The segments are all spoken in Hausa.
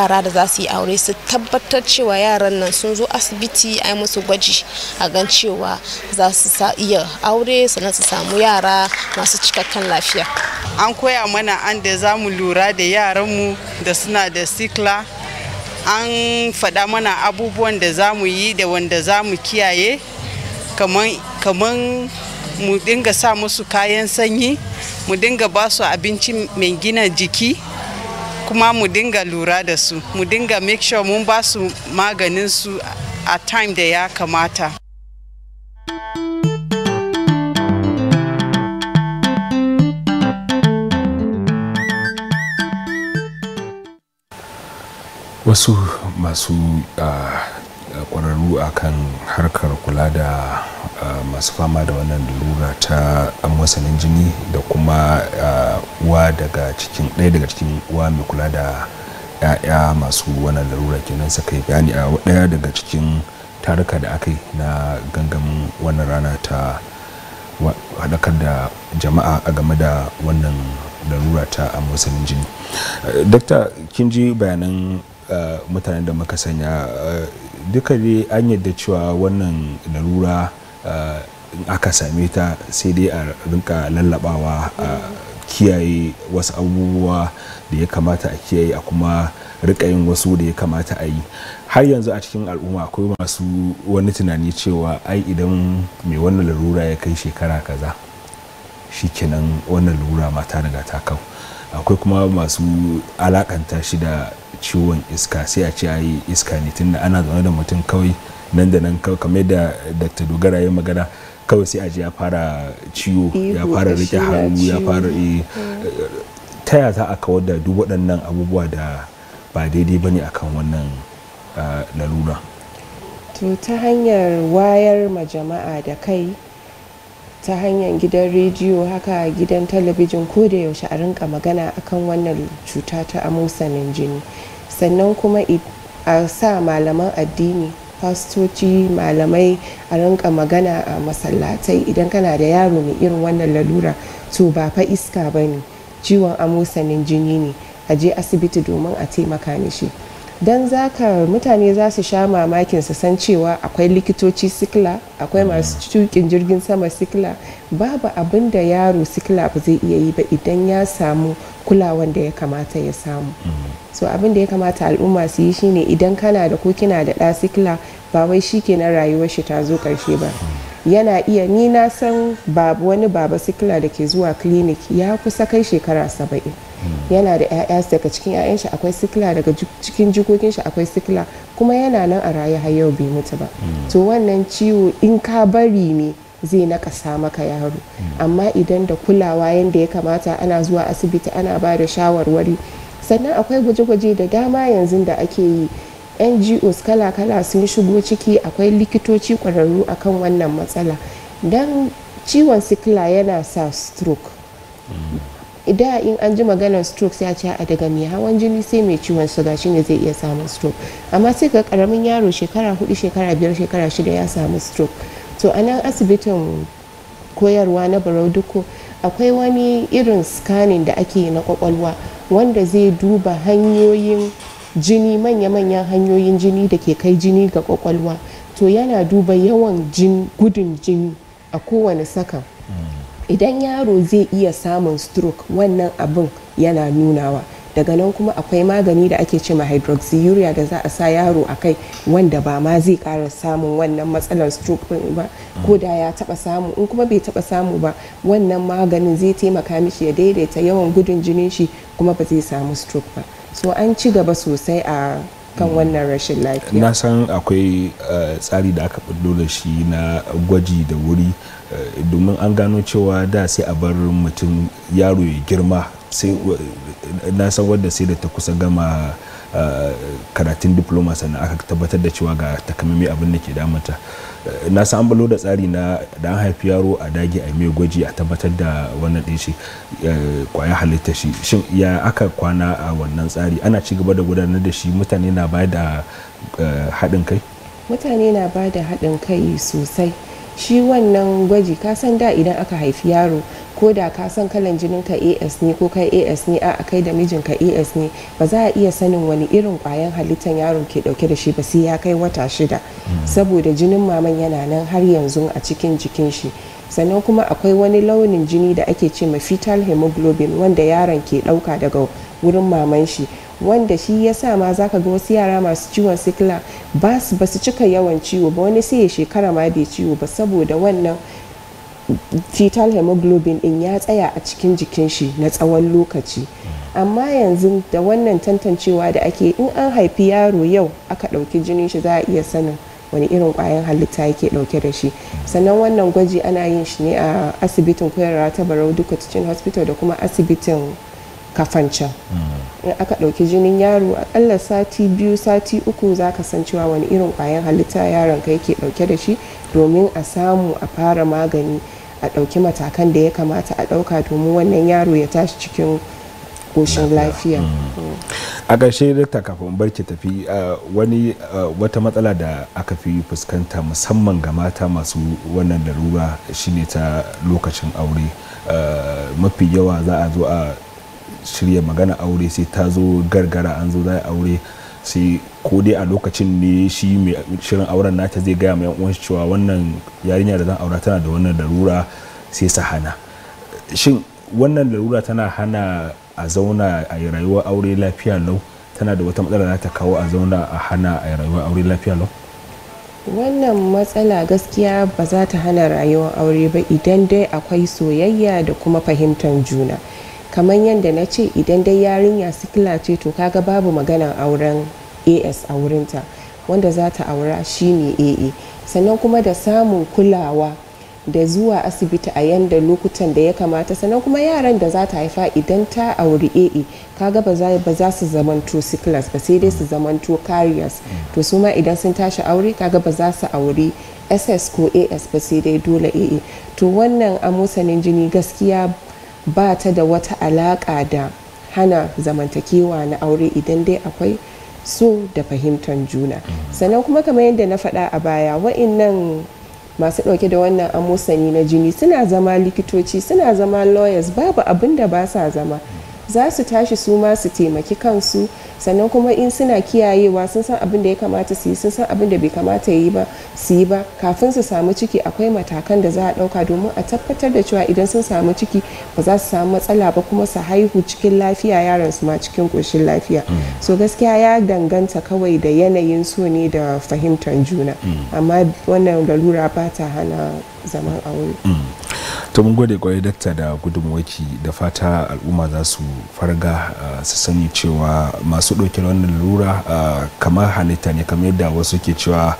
yara da za su yi aure su tabbatar cewa yaran nan sun zo asibiti ai musu gwaji a gan cewa za su iya aure sannan su samu yara masu cikakken lafiya an koya mana an da za mu lura da yaranmu da suna da sikla an faɗa mana abubuwan da za mu yi da wanda za mu kiyaye kamar mu dinga sa musu kayan sanyi mu dinga ba su abinci mai gina jiki kuma mu dinga lura da su mu dinga make sure mun ba su maganin su a time da ya kamata wasu masu uh, kwararru kan harkar kula da masu fama da wannan lura ta wasanin jini da kuma uwa daga cikin ɗaya daga cikin uwa mai kula da 'ya'ya masu wannan lura kenan suka yi bayani a ɗaya daga cikin taruka da aka yi na gangamin wannan rana ta haɗakar da jama'a a game da wannan larura ta amosanin jini dokta kin ji bayanan Eh, mutanen da muka sanya eh, duka dai an yadda cewa wannan larura eh, in aka same ta sai dai a rinka lallabawa a kiyaye wasu abubuwa da ya kamata a kiyaye a kuma rika yin wasu da ya kamata a yi har yanzu a cikin al'umma akwai masu wani tunani cewa ai idan mai wannan larura ya kai shekara kaza shikenan wannan larura mata daga takau akwai kuma masu alakanta shi da ciwon iska sai a ce a yi iska ne tunda ana zaune da mutum kawai nan da nan kawai kamar da dr dogara ya magana kawai sai a ji ya fara ciwo ya fara rike hannu ya fara eh, ta ya za a kawar da duk waɗannan abubuwa da ba daidai ba ne akan wannan lalura to ta hanyar wayar ma jama'a da kai ta hanyar gidan rediyo haka gidan talabijin ko da yaushe a rinka magana akan wannan cuta ta amosanin jini sannan kuma a sa malaman addini fastoci malamai a rinka magana a masallatai idan kana da yaro mai irin wannan lalura to ba fa iska ba ne ciwon amosanin jini ne a je asibiti domin a taimaka shi. don za ka mutane za su sha mamakin su san cewa akwai likitoci sikila akwai masu mm. tukin jirgin sama sikila babu abin da yaro sikila ba zai iya yi ba idan ya samu kulawan da ya kamata ya samu mm. so abin da ya kamata al'umma su yi shine idan kana da ko kina da ɗa sikila ba wai shi kenan rayuwar shi ta zo ƙarshe ba mm. yana iya ni na san babu wani baba sikila da ke zuwa clinic ya kusa kai shekara saba'in yana da 'ya'ya daga cikin 'ya'yan shi akwai sikila daga cikin jikokin shi akwai sikila kuma yana nan a raye har yau bai mutu ba to wannan ciwo in ka bari ne zai nakasa maka yaro amma idan da kulawa yadda ya kamata ana zuwa asibiti ana ba da shawarwari sannan akwai gwaje-gwaje da dama yanzu da ake yi ngos kala-kala sun shigo ciki akwai likitoci kwararru akan wannan matsala don ciwon sikila yana sa stroke da in an ji maganar stroke sai a ce a daga mai hawan jini sai mai ciwon suga shine zai iya samun stroke amma sai ga karamin yaro shekara hudu shekara biyar shekara shida ya samu stroke to a nan asibitin koyarwa na barau duko akwai wani irin scanning da ake yi na kwakwalwa wanda zai duba hanyoyin jini manya-manyan hanyoyin jini da ke kai jini ga kwakwalwa to yana duba yawan jin gudun jini a kowane saka idan yaro zai iya samun stroke wannan abin yana nunawa daga nan kuma akwai magani da ake ce ma hydroxyurea da za a sa yaro a kai wanda ba ma zai kara samun wannan matsalar stroke din ba ko da ya taba samu in kuma bai taba samu ba wannan maganin zai taimaka mishi ya daidaita yawan gudun jinin shi kuma ba zai samu stroke ba so an ci gaba sosai a kan wannan rashin lafiya na san akwai eh, tsari da aka bullo da shi na gwaji da wuri eh, domin an gano cewa da sai a bar mutum yaro ya girma eh, na san wadda sai da ta kusa gama karatun diploma sannan aka tabbatar da cewa ga takamami abin da ke damata na san balo da tsari na dan haifi yaro a dage a mai gwaji a tabbatar da wannan din shi eh, kwaya halitta shi shin ya aka kwana a wannan tsari ana ci gaba da gudanar da shi mutane na ba da eh, haɗin kai mutane na ba da haɗin kai sosai shi wannan gwaji kasan da idan aka haifi yaro ko da ka san kalan jinin ka as ne ko kai as ne a kai da mijinka as ne ba za a iya sanin wani irin kwayan halittan yaron ke dauke da shi ba sai ya kai wata shida hmm. saboda jinin maman yana nan har yanzu a cikin jikin shi sannan kuma akwai wani launin jini da ake ce ma fetal hemoglobin wanda yaron ke dauka daga wurin maman shi wanda shi ya sa ma zaka ga wasu yara masu ciwon sikila ba su cika yawan ciwo ba wani sai ya shekara ma bai ciwo ba saboda wannan fetal hemoglobin in ya tsaya a cikin jikin shi na tsawon lokaci amma yanzu da wannan tantancewa da ake in an haifi yaro yau aka ɗauki jinin shi za a iya sanin wani irin kwayan halitta yake ɗauke da shi sannan wannan gwaji ana yin shi ne a asibitin koyarwa ta barau duka cikin hospital da kuma asibitin kafancan in aka ɗauki jinin yaro akalla sati biyu sati uku za ka san cewa wani irin kwayan halitta yaron ka yake ɗauke da shi domin a samu a fara magani a ɗauki matakan da ya kamata a ɗauka domin wannan yaro ya tashi cikin koshin lafiya mm. Mm. a ƙarshe dakta kafin barki tafi wani wata matsala da aka fi fuskanta musamman ga mata masu wannan larura shine ta lokacin aure mafi yawa za a zo a shirya magana aure sai ta zo gargara an zo za a aure sai ko dai a lokacin ne shi mai shirin auren nata zai gaya mai uwan cewa wannan yarinya da zan aura tana da wannan larura sai sa hana shin wannan larura tana hana a zauna a rayuwar aure lafiya lau tana da wata matsala za ta kawo a zauna a hana a rayuwar aure lafiya lau wannan matsala gaskiya ba za ta hana rayuwar aure ba idan dai akwai soyayya da kuma fahimtar juna kamar yadda na ce idan dai yarinya sikila ce to kaga babu maganan auren as a wurinta wanda za ta aura ne aa sannan kuma da samun kulawa da zuwa asibiti a yanda lokutan da ya kamata sannan kuma yaran da za ta haifa idan ta auri aa kaga ba za su zamanto sikilas ba sai dai su zamanto carriers to su ma idan sun tashi aure kaga ba za su auri ss ko as ba sai dai dole aa to wannan amosanin jini gaskiya ba ta da wata alaƙa da hana zamantakewa na aure idan dai akwai so da fahimtar juna mm. sannan kuma kamar yadda na faɗa a baya wa'innan masu ɗauke da wannan amosani na jini suna zama likitoci suna zama lawyers babu abin da ba sa zama za su tashi su ma su taimaki kansu sannan kuma in suna kiyayewa sun san abin da ya kamata su yi sun san abin da bai kamata yi ba su yi ba kafin su samu ciki akwai matakan da za a ɗauka domin a tabbatar da cewa idan sun samu ciki ba za su samu matsala ba kuma su haihu cikin lafiya yaran su ma cikin ƙoshin lafiya hmm. so gaskiya ya danganta kawai da yanayin so ne da fahimtar juna hmm. amma wannan lalura ba ta hana zaman aure hmm. to mun gode kwarai dakta da gudunmawaki da fata al'umma za su farga su sani cewa masu ɗauke wannan lura kamar halitta ne kamar yadda wasu ke cewa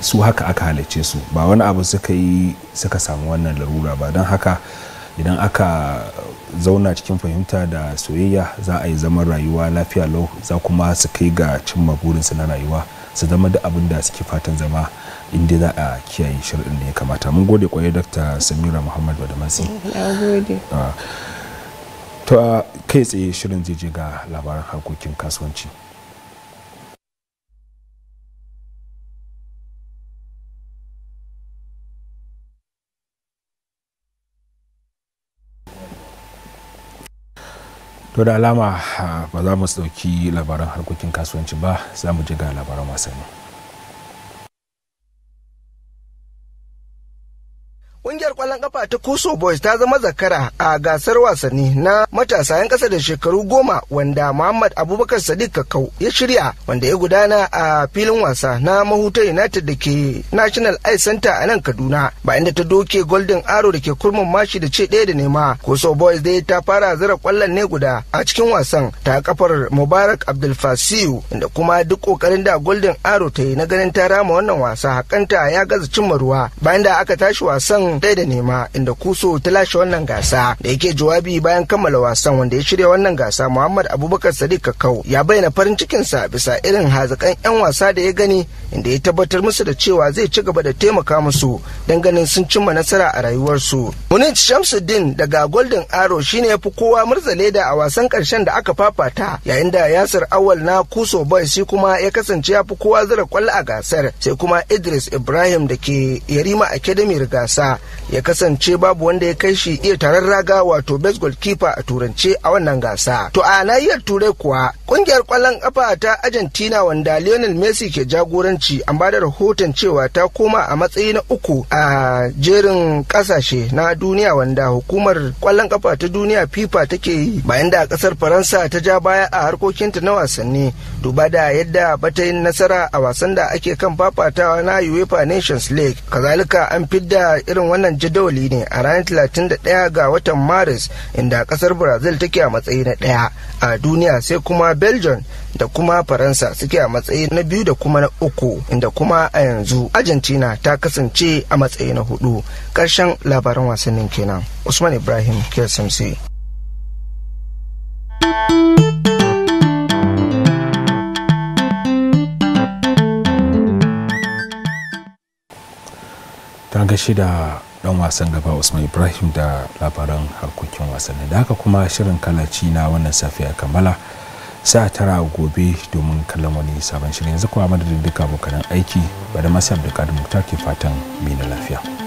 su haka aka halicce su ba wani abu suka yi suka samu wannan larura ba don haka idan aka zauna cikin fahimta da soyayya za a yi zaman rayuwa lafiya lau za kuma su kai ga cimma burinsu na rayuwa su zama da abin da suke fatan zama inda za a kiyaye shirin da ya kamata mun gode kwaye dr samira muhammad badamasi ah, to ah, kai tsaye shirin zai je ga labaran harkokin kasuwanci to da alama ah, ba za mu sauki labaran harkokin kasuwanci ba za mu ji ga labaran wasanni Alaba ta Koso Boys ta zama zakara a gasar wasanni na matasa 'yan ƙasa da shekaru goma wanda Muhammad Abubakar Sadiq Kakau ya shirya wanda ya gudana a filin wasa na Mahuta United da ke National Eye Center a nan Kaduna bayan da ta doke Golden Arrow da ke kurmin mashi da ce ɗaya da nema. koso Boys dai ta fara zira ƙwallon ne guda a cikin wasan ta kafar Mubarak Abdul Fasiyu da kuma duk ƙoƙarin da Golden Arrow ta yi na ganin ta rama wannan wasa hakanta ya gaza cimma ruwa bayan da aka tashi wasan ɗaya da nema inda kuso ta lashe wannan gasa da yake jawabi bayan kammala wasan wanda ya shirya wannan gasa muhammad abubakar sadiq kakau ya bayyana farin cikinsa bisa irin hazakan 'yan wasa da ya gani inda ya tabbatar musu da cewa zai ci gaba da taimaka musu don ganin sun cimma nasara a rayuwarsu munich shamsuddin daga golden arrow shine ya fi kowa murza leda a wasan karshen da aka fafata yayin da yasir awal na kuso boys shi kuma ya kasance ya fi kowa zira kwallo a gasar sai kuma idris ibrahim da ke yarima academy gasa ya kasance turance babu wanda ya kai shi iya taron raga wato baseball keeper a turance a wannan gasa to a nahiyar turai kuwa kungiyar kwallon kafa ta argentina wanda lionel messi ke jagoranci an ba da rahoton cewa ta koma a matsayi na uku a jerin kasashe na duniya wanda hukumar kwallon kafa ta duniya fifa take yi bayan da kasar faransa ta ja baya a harkokinta na wasanni duba da yadda bata yin nasara a wasan da ake kan fafatawa na uefa nations league kazalika an fidda irin wannan jadawali ne a ranar 31 ga watan maris inda kasar brazil take a matsayi na ɗaya a duniya sai kuma belgium da kuma faransa suke a matsayi na biyu da kuma na uku inda kuma a yanzu argentina ta kasance a matsayi na hudu Karshen labaran wasannin kenan usman ibrahim KSMC. ta gashi da dan wasan gaba usman ibrahim da labaran harkokin wasanni da haka kuma shirin kalaci na wannan safiya kammala sa tara gobe domin kallon wani sabon shirin yanzu kuma madadin duka abokanan aiki bada da abdulkadir muktar ke fatan mina lafiya